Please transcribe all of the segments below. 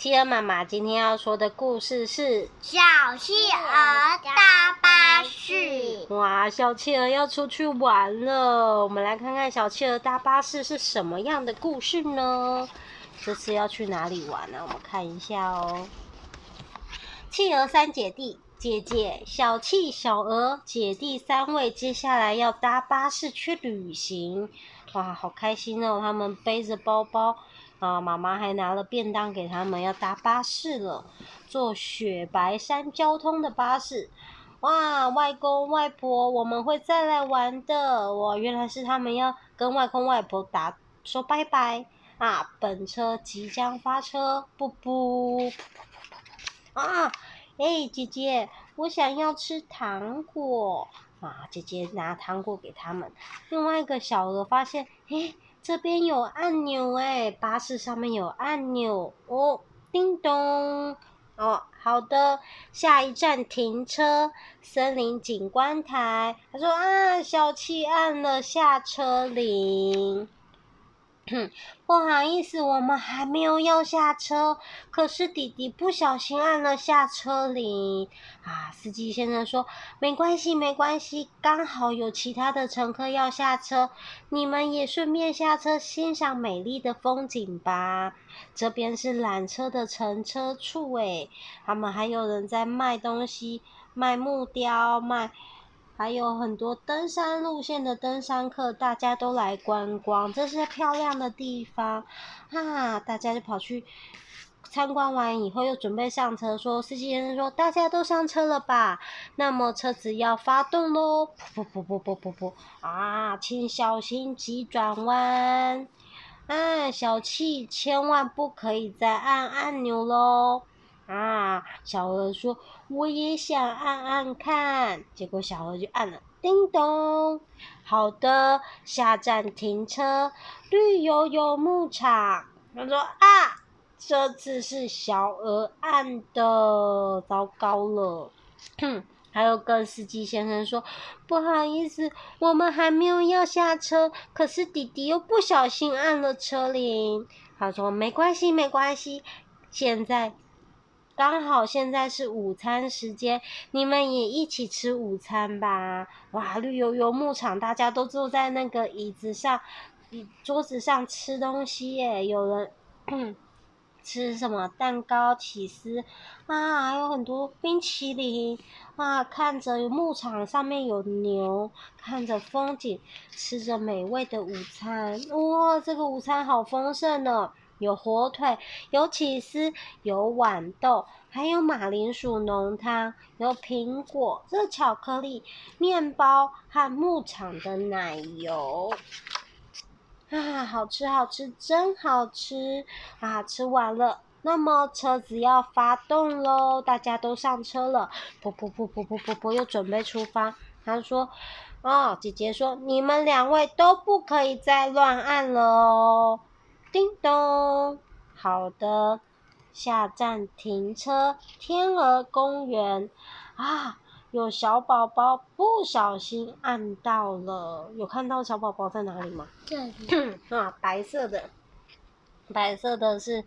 企鵝媽媽今天要說的故事是《小企鵝搭巴士》。哇，小企鵝要出去玩了，我們來看看《小企鵝搭巴士》是什麼樣的故事呢？這次要去哪裡玩呢？啊？我們看一下哦。企鵝三姐弟，姐姐、小企、小鵝，姐弟三位接下來要搭巴士去旅行，哇，好開心哦！他們背着包包。啊，媽媽還拿了便當給他們，要搭巴士了，坐雪白山交通的巴士。哇，外公外婆，我們會再來玩的。哇，哦，原來是他們要跟外公外婆打說拜拜啊。本車即將發車，布布啊！誒、欸、姐姐，我想要吃糖果啊。姐姐拿糖果給他們。另外一個小鵝發現，哎、欸。這邊有按鈕誒、欸、巴士上面有按鈕哦，叮咚哦，好的，下一站停車，森林景觀台。他說啊，小七按了下車鈴。哼，不好意思，我們還沒有要下車，可是弟弟不小心按了下車鈴。啊，司機先生說，沒關係，沒關係，剛好有其他的乘客要下車，你們也順便下車欣賞美麗的風景吧。這邊是纜車的乘車處，誒，他們還有人在賣東西，賣木雕，賣。還有很多登山路線的登山客，大家都來觀光，這是漂亮的地方，啊！大家就跑去參觀完以後，又準備上車說，說司機先生說，大家都上車了吧？那麼車子要發動嘍，不不不不不不啊，請小心急轉彎，啊，小企千萬不可以再按按鈕嘍。啊！小鵝說：“我也想按按看。”結果小鵝就按了，叮咚。好的，下站停車，綠油油牧場。他說：“啊，這次是小鵝按的，糟糕了。”哼，還有跟司機先生說：“不好意思，我們還沒有要下車，可是弟弟又不小心按了車鈴。”他說：“沒關係，沒關係，現在。”剛好現在是午餐時間，你們也一起吃午餐吧！哇，綠油油牧場，大家都坐在那個椅子上，桌子上吃東西耶。有人、嗯、吃什麼蛋糕、起司啊，還有很多冰淇淋啊。看着牧場上面有牛，看着風景，吃着美味的午餐，哇、哦，這個午餐好豐盛呢。有火腿，有起司，有豌豆，還有馬鈴薯濃湯，有蘋果、熱巧克力、麵包和牧場的奶油。啊，好吃，好吃，真好吃啊！吃完了，那麼車子要發動嘍，大家都上車了，噗噗噗噗噗噗噗，又準備出發。他說：“啊、哦，姐姐說你們兩位都不可以再亂按了哦。”叮咚，好的，下站停車，天鵝公園。啊，有小寶寶不小心按到了，有看到小寶寶在哪裡嗎？在哪裡？啊，嗯，白色的，白色的是，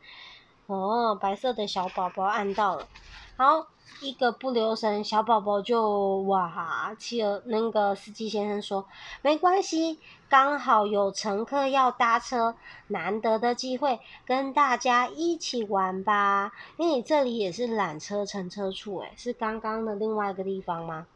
哦，白色的小寶寶按到了。好，一個不留神，小寶寶就哇！企鵝那個司機先生說：“沒關係，剛好有乘客要搭車，難得的機會，跟大家一起玩吧。欸”因為這裡也是纜車乘車處、欸，誒，是剛剛的另外一個地方嗎？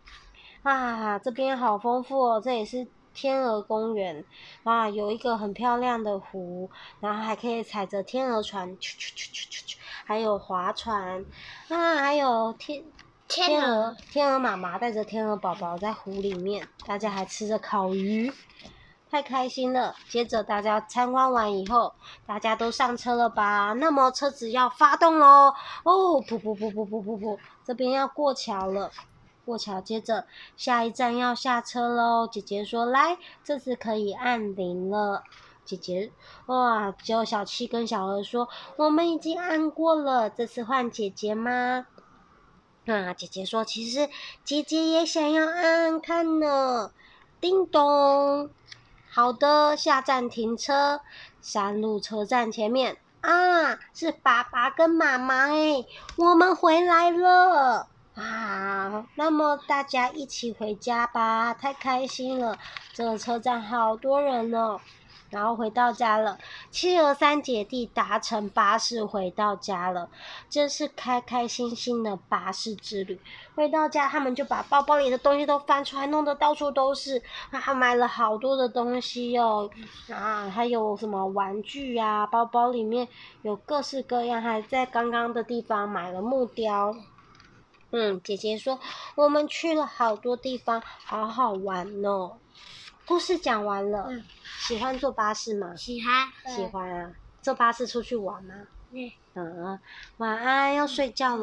啊，這邊好豐富哦，喔，這也是。天鵝公園啊，有一個很漂亮的湖，然後還可以踩着天鵝船啾啾啾啾啾，還有划船啊，還有天天鵝天鵝媽媽帶着天鵝寶寶在湖裡面，大家還吃着烤魚，太開心了。接着大家參觀完以後，大家都上車了吧？那麼車子要發動嘍！哦，噗噗噗噗噗噗噗，這邊要過橋了。過橋，接着下一站要下車嘍。姐姐說：“來，這次可以按鈴了。”姐姐，哇！只有小七跟小鵝說：“我們已經按過了，這次換姐姐嗎？”那，姐姐說：“其實姐姐也想要按按看呢。”叮咚，好的，下站停車，三路車站前面啊，是爸爸跟媽媽哎、欸，我們回來了。啊，那麼大家一起回家吧，太開心了！這個車站好多人哦。然後回到家了，企鵝三姐弟搭乘巴士回到家了，真是開開心心的巴士之旅。回到家，他們就把包包裡的東西都翻出來，弄得到處都是。啊，還買了好多的東西哦，啊，還有什麼玩具啊？包包裡面有各式各樣，還在剛剛的地方買了木雕。嗯，姐姐說我們去了好多地方，好好玩哦。故事講完了，嗯、喜歡坐巴士嗎？喜歡，喜歡啊。坐巴士出去玩嗎？嗯對嗯。晚安，要睡覺嘍。